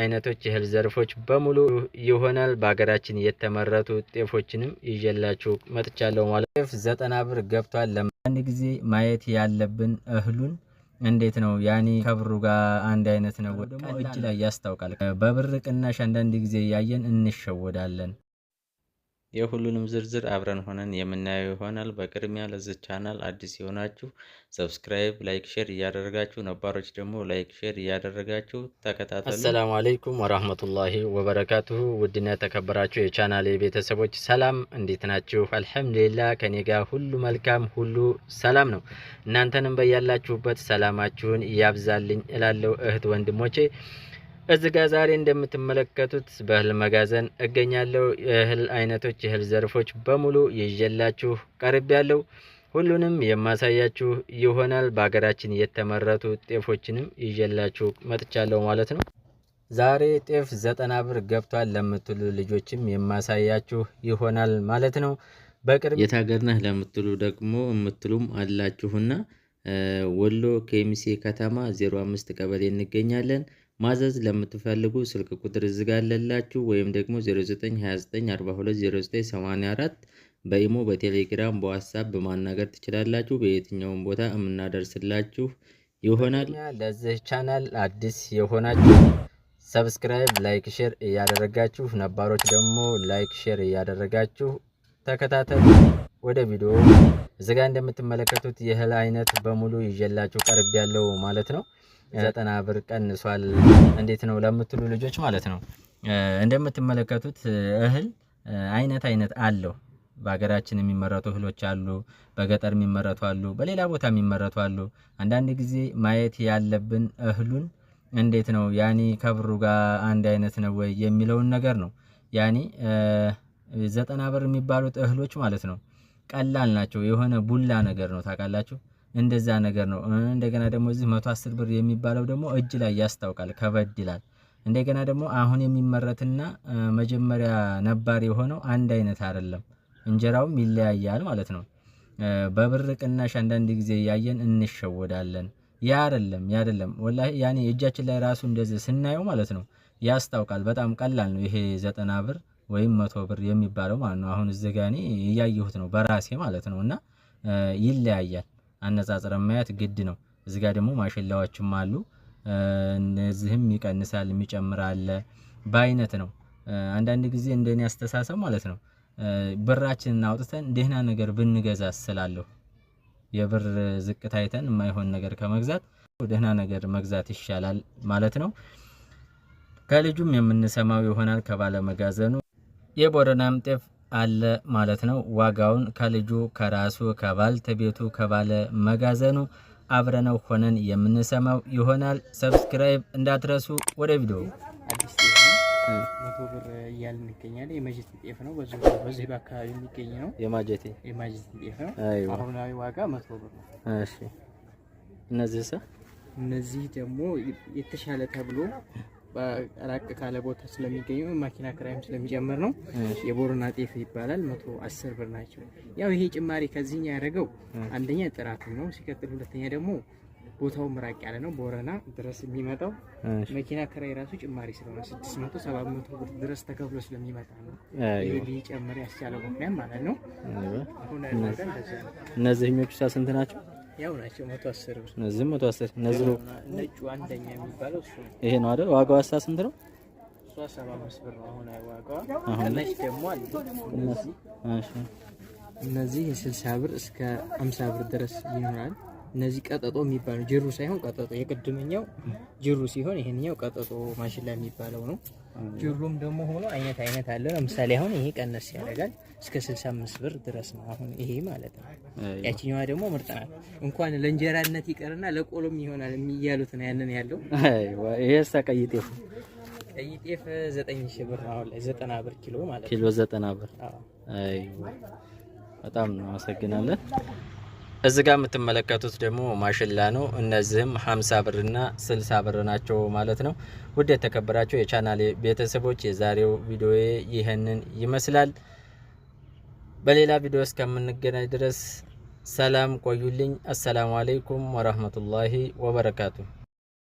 አይነቶች እህል ዘርፎች በሙሉ ይሆናል። በሀገራችን የተመረቱ ጤፎችንም ይዤላችሁ መጥቻለሁ። ማለት ጤፍ ዘጠና ብር ገብቷል። ለአንድ ጊዜ ማየት ያለብን እህሉን እንዴት ነው ያኔ ከብሩ ጋር አንድ አይነት ነው ደግሞ እጅ ላይ ያስታውቃል። በብር ቅናሽ አንዳንድ ጊዜ ያየን እንሸወዳለን። የሁሉንም ዝርዝር አብረን ሆነን የምናየው ይሆናል። በቅድሚያ ለዚህ ቻናል አዲስ የሆናችሁ ሰብስክራይብ፣ ላይክ፣ ሼር እያደረጋችሁ ነባሮች ደግሞ ላይክ፣ ሼር እያደረጋችሁ ተከታተሉ። አሰላሙ አለይኩም ወራህመቱላሂ ወበረካቱሁ። ውድና የተከበራችሁ የቻናል ቤተሰቦች ሰላም፣ እንዴት ናችሁ? አልሐምዱሊላ ከኔ ጋር ሁሉ መልካም፣ ሁሉ ሰላም ነው። እናንተንም በያላችሁበት ሰላማችሁን እያብዛልኝ እላለው እህት ወንድሞቼ እዚህ ጋር ዛሬ እንደምትመለከቱት በእህል መጋዘን እገኛለሁ። የእህል አይነቶች፣ የእህል ዘርፎች በሙሉ ይዤላችሁ ቀርብ ያለው ሁሉንም የማሳያችሁ ይሆናል። በሀገራችን የተመረቱ ጤፎችንም ይዤላችሁ መጥቻለሁ ማለት ነው። ዛሬ ጤፍ ዘጠና ብር ገብቷል ለምትሉ ልጆችም የማሳያችሁ ይሆናል ማለት ነው። በቅርብ የት ሀገር ነህ ለምትሉ ደግሞ የምትሉም አላችሁና ወሎ ከሚሴ ከተማ 05 ቀበሌ እንገኛለን። ማዘዝ ለምትፈልጉ ስልክ ቁጥር እዚህ ጋር አለላችሁ ወይም ደግሞ 0929420984 በኢሞ በቴሌግራም በዋትሳፕ በማናገር ትችላላችሁ። በየትኛውም ቦታ የምናደርስላችሁ ይሆናል። ለዚህ ቻናል አዲስ የሆናችሁ ሰብስክራይብ፣ ላይክ፣ ሼር እያደረጋችሁ ነባሮች ደግሞ ላይክ፣ ሼር እያደረጋችሁ ተከታተሉ። ወደ ቪዲዮ እዚህ ጋር እንደምትመለከቱት የእህል አይነት በሙሉ ይዤላችሁ ቀርብ ያለው ማለት ነው። ዘጠና ብር ቀንሷል። እንዴት ነው ለምትሉ ልጆች ማለት ነው እንደምትመለከቱት እህል አይነት አይነት አለው። በሀገራችን የሚመረቱ እህሎች አሉ፣ በገጠር የሚመረቱ አሉ፣ በሌላ ቦታ የሚመረቱ አሉ። አንዳንድ ጊዜ ማየት ያለብን እህሉን እንዴት ነው ያኔ ከብሩ ጋር አንድ አይነት ነው ወይ የሚለውን ነገር ነው። ያኔ ዘጠና ብር የሚባሉት እህሎች ማለት ነው ቀላል ናቸው። የሆነ ቡላ ነገር ነው ታውቃላችሁ። እንደዛ ነገር ነው። እንደገና ደግሞ እዚህ መቶ ብር የሚባለው ደግሞ እጅ ላይ ያስታውቃል፣ ከበድ ይላል። እንደገና ደግሞ አሁን የሚመረትና መጀመሪያ ነባር የሆነው አንድ አይነት አይደለም፣ እንጀራውም ይለያያል ማለት ነው። በብር ቅናሽ አንዳንድ ጊዜ እያየን እንሸወዳለን። ያ አይደለም ያ አይደለም ወላሂ ያኔ እጃችን ላይ ራሱ እንደዚህ ስናየው ማለት ነው ያስታውቃል። በጣም ቀላል ነው ይሄ ዘጠና ብር ወይም መቶ ብር የሚባለው ማለት ነው። አሁን እዚህ ጋ እኔ እያየሁት ነው በራሴ ማለት ነው እና ይለያያል አነጻጽረ ማየት ግድ ነው። እዚህ ጋር ደግሞ ማሽላዎችም አሉ። እነዚህም ይቀንሳል የሚጨምራል በአይነት ነው። አንዳንድ ጊዜ እንደኔ አስተሳሰብ ማለት ነው ብራችንን አውጥተን ደህና ነገር ብንገዛ ስላለሁ የብር ዝቅት አይተን የማይሆን ነገር ከመግዛት ደህና ነገር መግዛት ይሻላል ማለት ነው። ከልጁም የምንሰማው ይሆናል ከባለመጋዘኑ የቦረናም ጤፍ አለ ማለት ነው። ዋጋውን ከልጁ ከራሱ ከባልተቤቱ ከባለ መጋዘኑ አብረነው ሆነን የምንሰማው ይሆናል። ሰብስክራይብ እንዳትረሱ። ወደ ቪዲዮ መቶ ብር እያል የማጀቴ ጤፍ ነው። በዚህ በአካባቢ የሚገኝ ነው። የማጀቴ ጤፍ ነው። አሁናዊ ዋጋ መቶ ብር ነው። እነዚህ እነዚህ ደግሞ የተሻለ ተብሎ ራቅ ካለ ቦታ ስለሚገኙ ማኪና ክራይም ስለሚጨምር ነው። የቦረና ጤፍ ይባላል መቶ አስር ብር ናቸው። ያው ይሄ ጭማሪ ከዚህኛ ያደረገው አንደኛ ጥራቱ ነው፣ ሲቀጥል ሁለተኛ ደግሞ ቦታው ምራቅ ያለ ነው። ቦረና ድረስ የሚመጣው መኪና ክራይ ራሱ ጭማሪ ስለሆነ 600 700 ብር ድረስ ተከፍሎ ስለሚመጣ ነው ይሄ ሊጨምር ያስቻለው ምክንያት ማለት ነው። እነዚህ የሚወጡት ስንት ናቸው? ያው ናቸው። መቶ አስር ብር እነዚህ መቶ አስር እነዚህ ነጩ አንደኛ የሚባለው እሱ ነው። ይሄ ነው አይደል? ዋጋው አስራ ስንት ነው? ሰባ አምስት ብር ነው አሁን ዋጋው። ደግሞ አለ። እነዚህ የስልሳ ብር እስከ አምሳ ብር ድረስ ይሆናል። እነዚህ ቀጠጦ የሚባሉ ጅሩ ሳይሆን ቀጠጦ የቅድመኛው ጅሩ ሲሆን ይሄኛው ቀጠጦ ማሽላ የሚባለው ነው። ጅሩም ደግሞ ሆኖ አይነት አይነት አለ። ለምሳሌ አሁን ይሄ ቀነስ ያደርጋል እስከ 65 ብር ድረስ ነው። አሁን ይሄ ማለት ነው። ያቺኛዋ ደግሞ ምርጥ ናት። እንኳን ለእንጀራነት ይቀርና ለቆሎም ይሆናል የሚያሉት ነው። ያንን ያለው ይሄ ቀይ ጤፍ ቀይ ጤፍ 9000 ብር ነው። አሁን ላይ 90 ብር ኪሎ ማለት ነው። ኪሎ 90 ብር። አይ በጣም ነው። አመሰግናለን። እዚ ጋር የምትመለከቱት ደግሞ ማሽላ ነው። እነዚህም 50 ብርና 60 ብር ናቸው ማለት ነው። ውድ የተከበራቸው የቻናሌ ቤተሰቦች የዛሬው ቪዲዮ ይህንን ይመስላል። በሌላ ቪዲዮ እስከምንገናኝ ድረስ ሰላም ቆዩልኝ። አሰላሙ አለይኩም ወራህመቱላሂ ወበረካቱ።